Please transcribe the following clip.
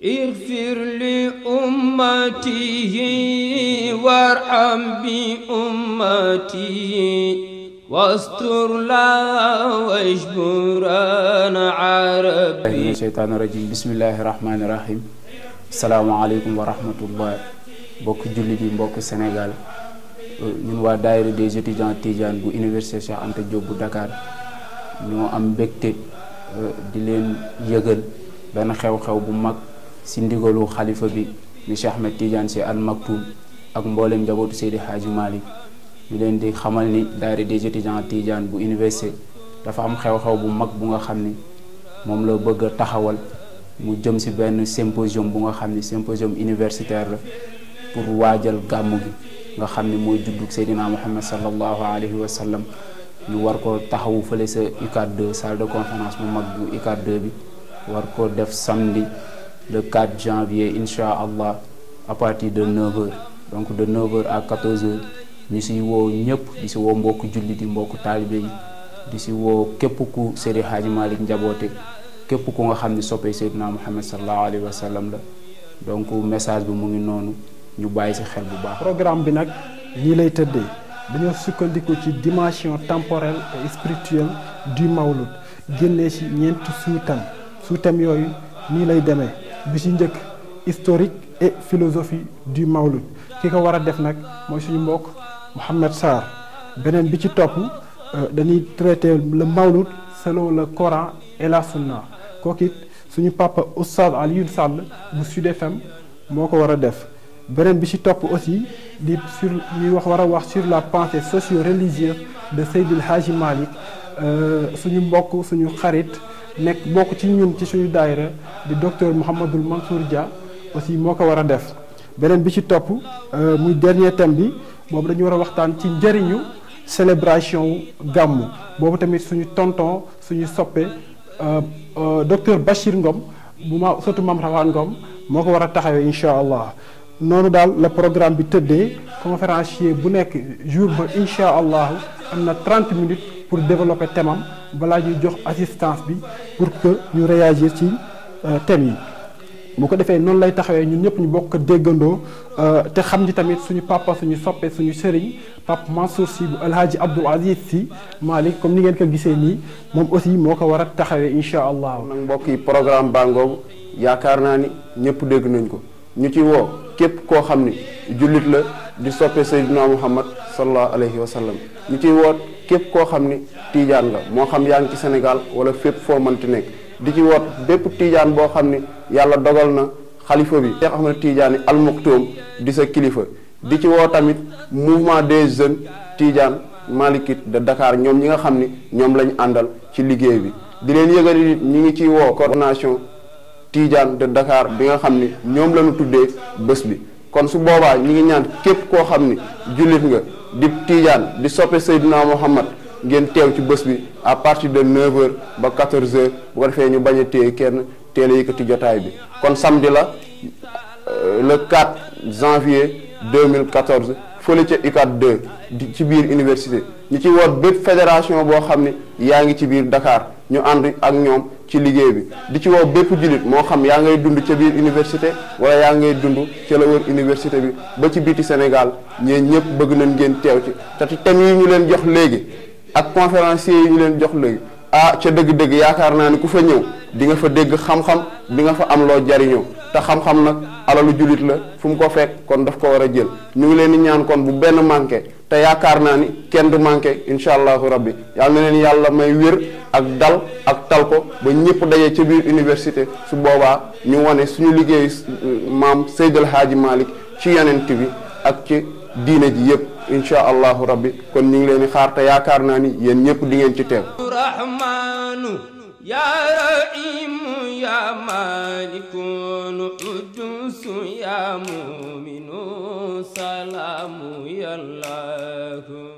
اغفر لأمته وارحم بأمته واستر لها واجبر عربي من الشيطان الرجيم بسم الله الرحمن الرحيم السلام عليكم mbokk jullit yi mbokk Sénégal ñun waa daayira des étudiants Tidiane bu université Cheikh Anta Diop bu Dakar ñoo am mbégte di leen yëgal benn xew-xew bu mag si ndigalu xalifa bi di Cheikh Ahmed Tidiane si Al ak mboolem njabootu Seydi Hadji Malick ñu leen di xamal ni daara des étudiants Tidiane bu université dafa am xew-xew bu mag bu nga xam ni moom la bëgg a taxawal mu jëm si benn symposium bu nga xam ni symposium universitaire la pour waajal gàmmu gi nga xam ni mooy juddug Seydina Muhammad sallallahu alayhi wa sallam ñu war ko taxawu fële sa UCAD 2 salle de conférence bu mag bu UCAD bi war ko def samedi. le 4 janvier incha allah à partir de 9 donc de 9 ak à ñu si woo ñëpp di si woo mbokk julli di mbokku taalibe yi di si woo képp ku Serigne Hadji Malick njaboote képp ku nga xam ni soppee Seydina Muhammad sallallahu alayhi wa sallam la donc message bi mu ngi noonu ñu bàyyi si xel bu baax. programme bi nag nii lay tëddee dañoo sukkandiku ci dimension temporelle et spirituelle du mawlud génnee si ñeenti sous-thèmes yooyu nii lay demee. bi ci njëkk historique et philosophie du Mawlud ki ko war a def nag mooy suñu mbokk Mouhamed Sarr beneen bi ci topp euh, dañuy traiter le Mawlud selon la Coran et la Sunna kooku suñu papa Oustaz Alioune Sall bu Sud FM moo ko war a def beneen bi ci topp aussi di sur ñuy wax war a wax sur la pensée socio-religieuse de Seydil Hadji Malick euh, suñu mbokk suñu xarit nekk bokk ci ñun ci suñu daayira di docteur Mouhamadul Mansour Dia aussi moo ko war a def beneen bi ci topp euh, muy dernier thème bi boobu dañu war a waxtaan ci njëriñu célébration gàmmu boobu tamit suñu tonton suñu soppe euh, euh, docteur Bachir Ngom bu ma sotu mam rawaan Ngom moo ko war a taxawee incha allah noonu daal la programme bi tëddee conférencier bu nekk jour ba incha allah am na trente minutes pour développer thème balaa ñuy jox assistance bi pour que ñu réagir ci euh, tem yi bu ko defee noonu lay taxawee ñun ñëpp ñu bokk déggandoo euh, te xam ni tamit suñu papa suñu soppee suñu sëriñ papa Mansour Sy bu alhaji Abdoul Aziz si Malick comme ni ngeen ko gisee nii moom aussi moo ko war a taxawee incha allah. nag mbokk yi programme bàngoogu yaakaar naa ni ñëpp dégg nañ ko ñu ci woo képp koo xam ni jullit la di soppe Seydina Muhammad sallallahu alayhi wa sallam ñu ciy woot képp koo xam ni tiijaan la moo xam yaa ngi ci Sénégal wala fépp foo mënti nekk di ci woot bépp tiijaan boo xam ni yàlla dogal na xalifa bi Cheikh Ahmed Tidiane Al Maktoum di sa kilifa di ci woo tamit mouvement des jeunes Tidiane Malikite de Dakar ñoom ñi nga xam ni ñoom lañu àndal ci liggéey bi di leen yëgal nit ñi ngi ci woo coordination Tidiane de Dakar bi nga xam ni ñoom lañu tuddee bés bi kon su boobaa ñi ngi ñaan képp koo xam ni jullit nga di tiijaan di soppe Seydina Muhammad ngeen teew ci bés bi à partir de 9h ba 14h bu ko defee ñu bañ a téye kenn teel a yëkkati jotaay bi kon samedi la euh, le 4 janvier 2014 fële ca UCAD 2 ci biir université ñu ci woot bépp fédération boo xam ne yaa ngi ci biir Dakar ñu ànd ak ñoom. ci liggéey bi di ci woo bépp jullit moo xam yaa ngay dund ca biir université wala yaa ngay dund ca la wër université bi ba ci biti Sénégal ñeen ñëpp bëgg nañ ngeen teew ci te thèmes yi ñu leen jox léegi ak conférenciers yi ñu leen jox léegi ah ca dëgg-dëgg yaakaar naa ni ku fa ñëw di nga fa dégg xam-xam di nga fa am loo jariñoo te xam-xam nag alalu jullit la fu mu ko fekk kon daf ko war a jël ñu ngi leen di ñaan kon bu benn manqué te yaakaar naa ni kenn du manqué incha allahu rabbi yal na leen yàlla may wér ak dal ak tal ko ba ñëpp daje ci biir université su boobaa ñu wane suñu liggéey maam Seydal Haaji malik ci yeneen bi ak ci diine ji yëpp incha allahu rabbi kon ñu ngi leen di xaar te yaakaar naa ni yéen ñëpp di ngeen ci teew salaamu yàlla